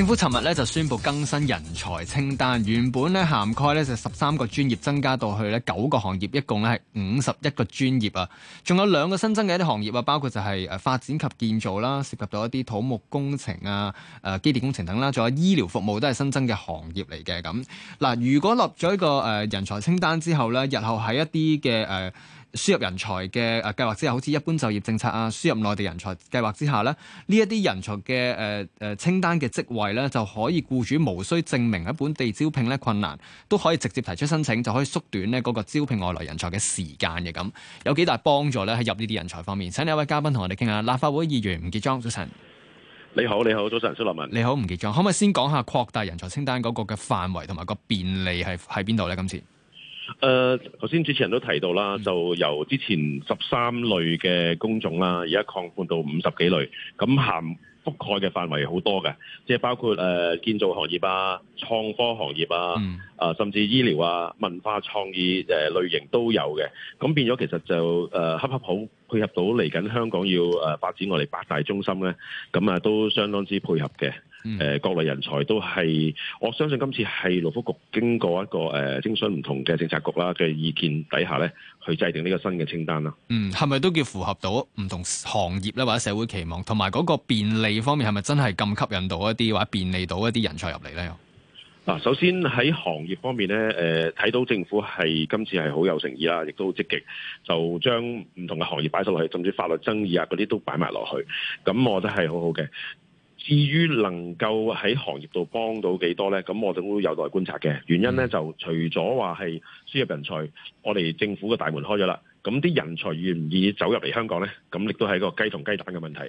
政府尋日咧就宣布更新人才清單，原本咧涵蓋咧就十三個專業，增加到去咧九個行業，一共咧係五十一個專業啊。仲有兩個新增嘅一啲行業啊，包括就係誒發展及建造啦，涉及到一啲土木工程啊、誒機電工程等啦，仲有醫療服務都係新增嘅行業嚟嘅。咁嗱，如果立咗一個誒人才清單之後咧，日後喺一啲嘅誒。呃輸入人才嘅誒計劃之下，好似一般就業政策啊，輸入內地人才計劃之下咧，呢一啲人才嘅誒誒清單嘅職位咧，就可以僱主無需證明喺本地招聘咧困難，都可以直接提出申請，就可以縮短咧嗰個招聘外來人才嘅時間嘅，咁，有幾大幫助咧喺入呢啲人才方面。請另一位嘉賓同我哋傾下，立法會議員吳傑莊早晨。你好，你好，早晨，蘇立文。你好，吳傑莊。可唔可以先講下擴大人才清單嗰個嘅範圍同埋個便利係喺邊度咧？今次？誒，頭先主持人都提到啦，就由之前十三類嘅工種啦，而家擴寬到五十幾類，咁涵覆蓋嘅範圍好多嘅，即係包括誒建造行業啊、創科行業啊、啊、嗯、甚至醫療啊、文化創意誒類型都有嘅，咁變咗其實就誒恰恰好配合到嚟緊香港要誒發展我哋八大中心咧，咁啊都相當之配合嘅。誒各類人才都係，我相信今次係勞福局經過一個誒、呃、徵詢唔同嘅政策局啦嘅意見底下咧，去制定呢個新嘅清單啦。嗯，係咪都叫符合到唔同行業咧，或者社會期望，同埋嗰個便利方面係咪真係咁吸引到一啲或者便利到一啲人才入嚟咧？嗱、啊，首先喺行業方面咧，誒、呃、睇到政府係今次係好有誠意啦，亦都好積極，就將唔同嘅行業擺上落去，甚至法律爭議啊嗰啲都擺埋落去，咁我覺得係好好嘅。至於能夠喺行業度幫到幾多呢？咁我哋都有待觀察嘅。原因呢，就、嗯、除咗話係輸入人才，我哋政府嘅大門開咗啦。咁啲人才願唔願意走入嚟香港呢，咁亦都係一個雞同雞蛋嘅問題，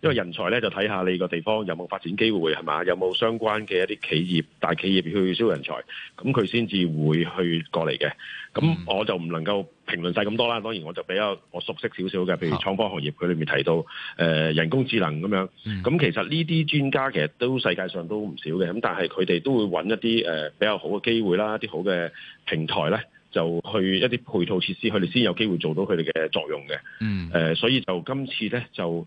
因為人才呢，就睇下你個地方有冇發展機會係嘛？有冇相關嘅一啲企業大企業去招人才，咁佢先至會去過嚟嘅。咁我就唔能夠評論晒咁多啦。當然我就比較我熟悉少少嘅，譬如創科行業，佢裏面提到誒、呃、人工智能咁樣。咁其實呢啲專家其實都世界上都唔少嘅，咁但係佢哋都會揾一啲誒、呃、比較好嘅機會啦，一啲好嘅平台呢。就去一啲配套設施，佢哋先有機會做到佢哋嘅作用嘅。嗯、呃，所以就今次咧就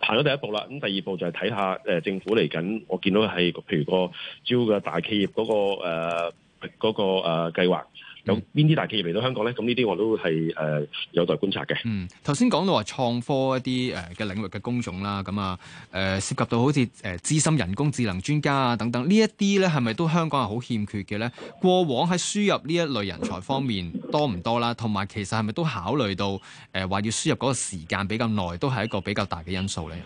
行咗第一步啦。咁第二步就係睇下誒政府嚟緊，我見到係譬如、個招嘅大企業嗰、個誒嗰、呃個誒計劃。呃有邊啲大企業嚟到香港咧？咁呢啲我都係誒有待觀察嘅。嗯，頭先講到話創科一啲誒嘅領域嘅工種啦，咁啊誒涉及到好似誒資深人工智能專家啊等等，呢一啲咧係咪都香港係好欠缺嘅咧？過往喺輸入呢一類人才方面多唔多啦？同埋其實係咪都考慮到誒話要輸入嗰個時間比較耐，都係一個比較大嘅因素咧？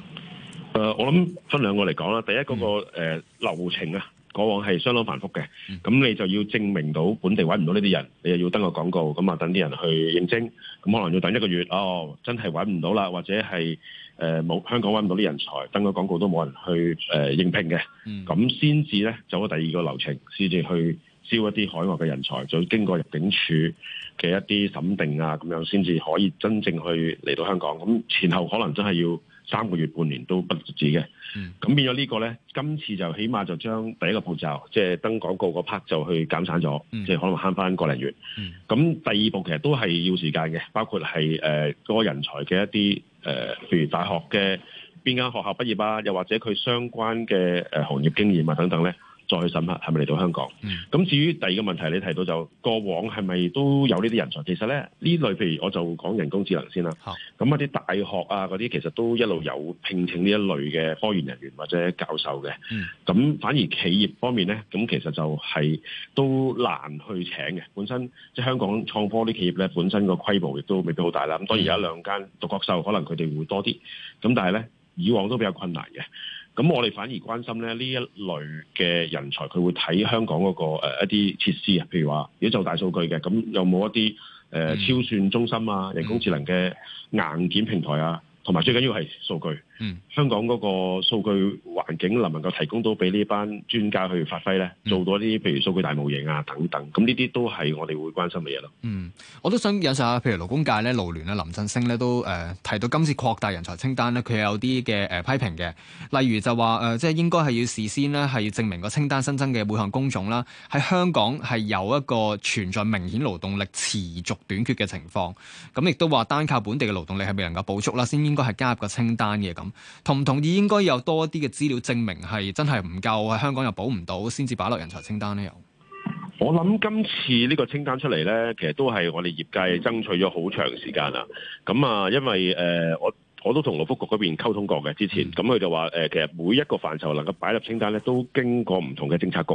誒、呃，我諗分兩個嚟講啦。第一嗰個誒流程啊。過往係相當繁複嘅，咁你就要證明到本地揾唔到呢啲人，你又要登個廣告，咁啊等啲人去應徵，咁可能要等一個月，哦真係揾唔到啦，或者係誒冇香港揾唔到啲人才，登個廣告都冇人去誒、呃、應聘嘅，咁先至呢，走咗第二個流程，先至去招一啲海外嘅人才，就經過入境處嘅一啲審定啊，咁樣先至可以真正去嚟到香港，咁前後可能真係要三個月半年都不止嘅，咁變咗呢個咧，今次就起碼就將第一個步驟，即係登廣告個 part 就去減省咗，即係可能慳翻個零月。咁第二步其實都係要時間嘅，包括係誒嗰個人才嘅一啲誒，譬如大學嘅邊間學校畢業啊，又或者佢相關嘅、呃、行業經驗啊等等咧。再去審核係咪嚟到香港？咁、嗯、至於第二個問題，你提到就過往係咪都有呢啲人才？其實咧呢類譬如我就講人工智能先啦。咁一啲大學啊嗰啲其實都一路有聘請呢一類嘅科研人員或者教授嘅。咁、嗯、反而企業方面咧，咁其實就係都難去請嘅。本身即係香港創科啲企業咧，本身個規模亦都未必好大啦。咁當然有兩間獨角獸，可能佢哋會多啲。咁但係咧。以往都比較困難嘅，咁我哋反而關心咧呢一類嘅人才，佢會睇香港嗰個一啲設施啊，譬如話如果做大數據嘅，咁有冇一啲誒、呃、超算中心啊、人工智能嘅硬件平台啊？同埋最緊要係數據，嗯，香港嗰個數據環境能唔能夠提供到俾呢班專家去發揮咧？做到啲譬如數據大模型啊等等，咁呢啲都係我哋會關心嘅嘢咯。嗯，我都想引述下，譬如勞工界咧、勞聯啊、林振星咧都、呃、提到今次擴大人才清單咧，佢有啲嘅、呃、批評嘅，例如就話、呃、即係應該係要事先咧係要證明個清單新增嘅每項工種啦，喺香港係有一個存在明顯勞動力持續短缺嘅情況，咁亦都話單靠本地嘅勞動力係未能夠補足啦，先。應該係加入個清單嘅咁，同唔同意應該有多啲嘅資料證明係真係唔夠，香港又補唔到，先至擺落人才清單呢？又我諗今次呢個清單出嚟呢，其實都係我哋業界爭取咗好長時間啦。咁啊，因為誒、呃，我我都同勞福局嗰邊溝通過嘅之前，咁佢就話誒，其實每一個範疇能夠擺入清單呢，都經過唔同嘅政策局。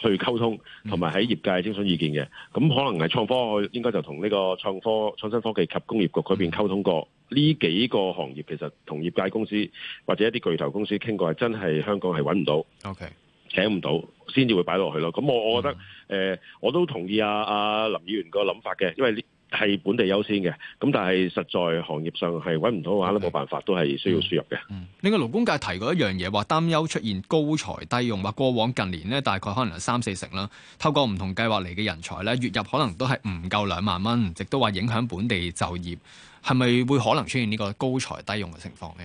去溝通，同埋喺業界徵詢意見嘅，咁、嗯、可能係創科，應該就同呢個創科創新科技及工業局嗰邊溝通過。呢、嗯、幾個行業其實同業界公司或者一啲巨頭公司傾過，係真係香港係揾唔到，OK，請唔到，先至 Okay. 會擺落去咯。咁我我覺得、嗯呃，我都同意啊，阿林議員個諗法嘅，因為呢。係本地優先嘅，咁但係實在行業上係搵唔到嘅話，都冇 Okay. 辦法，都係需要輸入嘅。嗯，另外勞工界提過一樣嘢，話擔憂出現高才低用，話過往近年呢，大概可能係三四成啦。透過唔同計劃嚟嘅人才呢，月入可能都係唔夠兩萬蚊，亦都話影響本地就業，係咪會可能出現呢個高才低用嘅情況呢？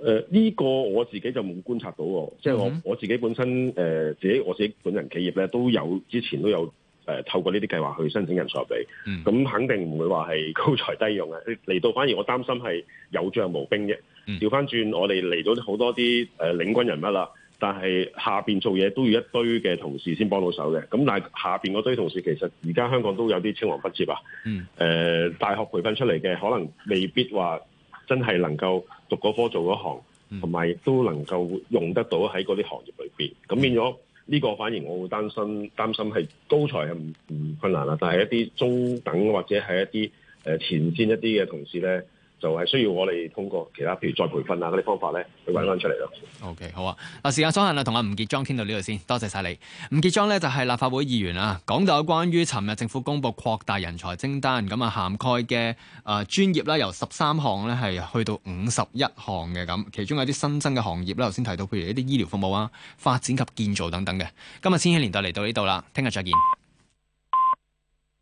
誒、呃、呢、這個我自己就冇觀察到，即係的我我自己本身誒、呃、自己我自己本人企業呢，都有，之前都有。誒，透過呢啲計劃去申請人才比，咁、嗯、肯定唔會話係高才低用嘅。嚟到反而我擔心係有將無兵啫。調翻轉我哋嚟咗好多啲領軍人物啦，但係下面做嘢都要一堆嘅同事先幫到手嘅。咁但係下面嗰堆同事其實而家香港都有啲青黃不接啊、嗯呃。大學培訓出嚟嘅可能未必話真係能夠讀嗰科做嗰行，同埋、嗯、都能夠用得到喺嗰啲行業裏面。咁變咗、嗯。嗯呢個反而我會擔心，擔心係高才係唔唔困難啦，但係一啲中等或者係一啲、呃、前線一啲嘅同事咧。就係需要我哋通過其他，譬如再培訓啊嗰啲方法咧，去搵返出嚟咯。OK，好啊。嗱，時間所限啦，同阿吳傑莊傾到呢度先，多謝晒你。吳傑莊咧就係、是、立法會議員啊，講到有關於尋日政府公佈擴大人才清單咁啊涵蓋嘅啊、呃、專業啦，由十三項咧係去到五十一項嘅咁，其中有啲新增嘅行業啦，頭先提到，譬如一啲醫療服務啊、發展及建造等等嘅。今日千禧年代嚟到呢度啦，聽日再見。